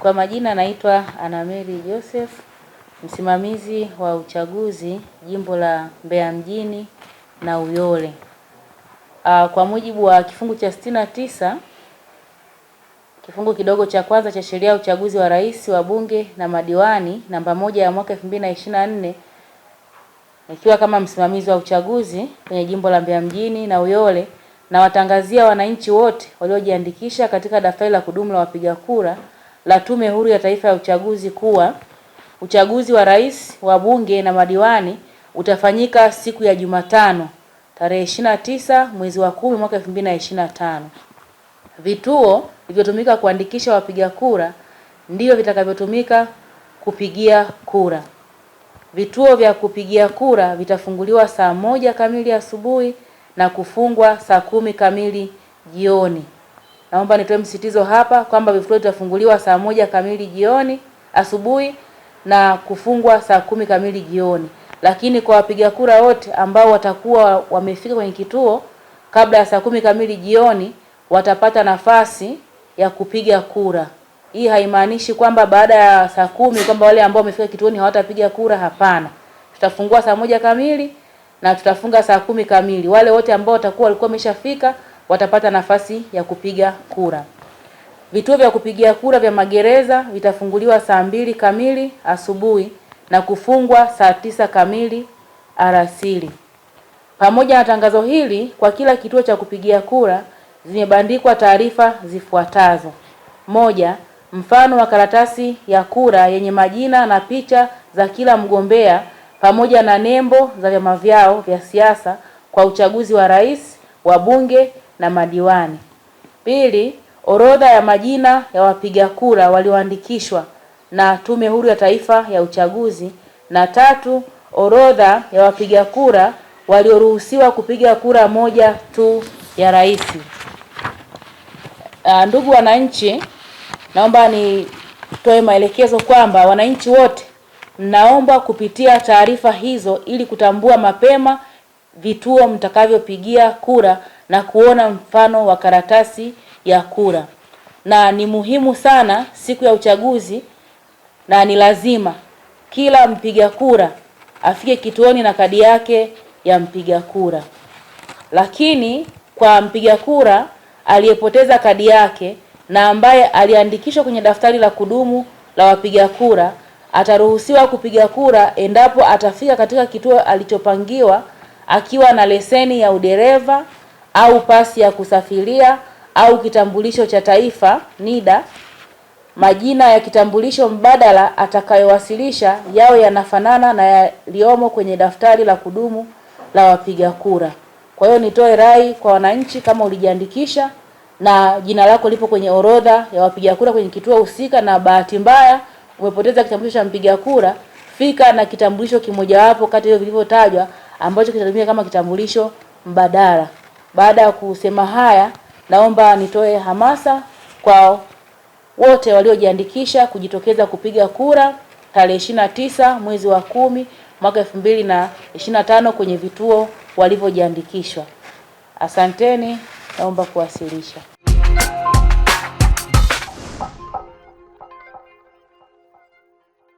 Kwa majina naitwa Anamary Joseph, msimamizi wa uchaguzi jimbo la Mbeya mjini na Uyole. Kwa mujibu wa kifungu cha sitini na tisa kifungu kidogo cha kwanza cha sheria ya uchaguzi wa rais wa bunge na madiwani namba moja ya mwaka 2024 nikiwa kama msimamizi wa uchaguzi kwenye jimbo la Mbeya mjini na Uyole, nawatangazia wananchi wote waliojiandikisha katika daftari la kudumu la wapiga kura la Tume Huru ya Taifa ya Uchaguzi kuwa uchaguzi wa rais, wa bunge na madiwani utafanyika siku ya Jumatano tarehe 29 mwezi wa 10 mwaka 2025. Vituo vilivyotumika kuandikisha wapiga kura ndivyo vitakavyotumika kupigia kura. Vituo vya kupigia kura vitafunguliwa saa moja kamili asubuhi na kufungwa saa kumi kamili jioni. Naomba nitoe msitizo hapa kwamba vituo vitafunguliwa saa moja kamili jioni asubuhi na kufungwa saa kumi kamili jioni, lakini kwa wapiga kura wote ambao watakuwa wamefika kwenye kituo kabla ya saa kumi kamili jioni watapata nafasi ya kupiga kura. Hii haimaanishi kwamba baada ya saa kumi kwamba wale ambao wamefika kituoni hawatapiga kura. Hapana, tutafungua saa moja kamili na tutafunga saa kumi kamili. Wale wote ambao watakuwa walikuwa wameshafika watapata nafasi ya kupiga kura. Vituo vya kupigia kura vya magereza vitafunguliwa saa mbili kamili asubuhi na kufungwa saa tisa kamili alasiri. Pamoja na tangazo hili, kwa kila kituo cha kupigia kura zimebandikwa taarifa zifuatazo: moja, mfano wa karatasi ya kura yenye majina na picha za kila mgombea pamoja na nembo za vyama vyao vya siasa kwa uchaguzi wa rais, wabunge na madiwani. Pili, orodha ya majina ya wapiga kura walioandikishwa na Tume Huru ya Taifa ya Uchaguzi. Na tatu, orodha ya wapiga kura walioruhusiwa kupiga kura moja tu ya rais. Ah, ndugu wananchi, naomba nitoe maelekezo kwamba wananchi wote naomba kupitia taarifa hizo ili kutambua mapema vituo mtakavyopigia kura na kuona mfano wa karatasi ya kura, na ni muhimu sana siku ya uchaguzi, na ni lazima kila mpiga kura afike kituoni na kadi yake ya mpiga kura. Lakini kwa mpiga kura aliyepoteza kadi yake na ambaye aliandikishwa kwenye daftari la kudumu la wapiga kura ataruhusiwa kupiga kura endapo atafika katika kituo alichopangiwa akiwa na leseni ya udereva au pasi ya kusafiria au kitambulisho cha taifa NIDA, majina ya kitambulisho mbadala atakayowasilisha yawe yanafanana na yaliyomo kwenye daftari la kudumu la wapiga kura. Kwa hiyo nitoe rai kwa wananchi, kama ulijiandikisha na jina lako lipo kwenye orodha ya wapiga kura kwenye kituo husika, na bahati mbaya umepoteza kitambulisho cha mpiga kura, fika na kitambulisho kimojawapo kati ya vilivyotajwa ambacho kitatumika kama kitambulisho mbadala. Baada ya kusema haya, naomba nitoe hamasa kwa wote waliojiandikisha kujitokeza kupiga kura tarehe ishirini na tisa mwezi wa kumi mwaka elfu mbili na ishirini na tano kwenye vituo walivyojiandikishwa. Asanteni, naomba kuwasilisha.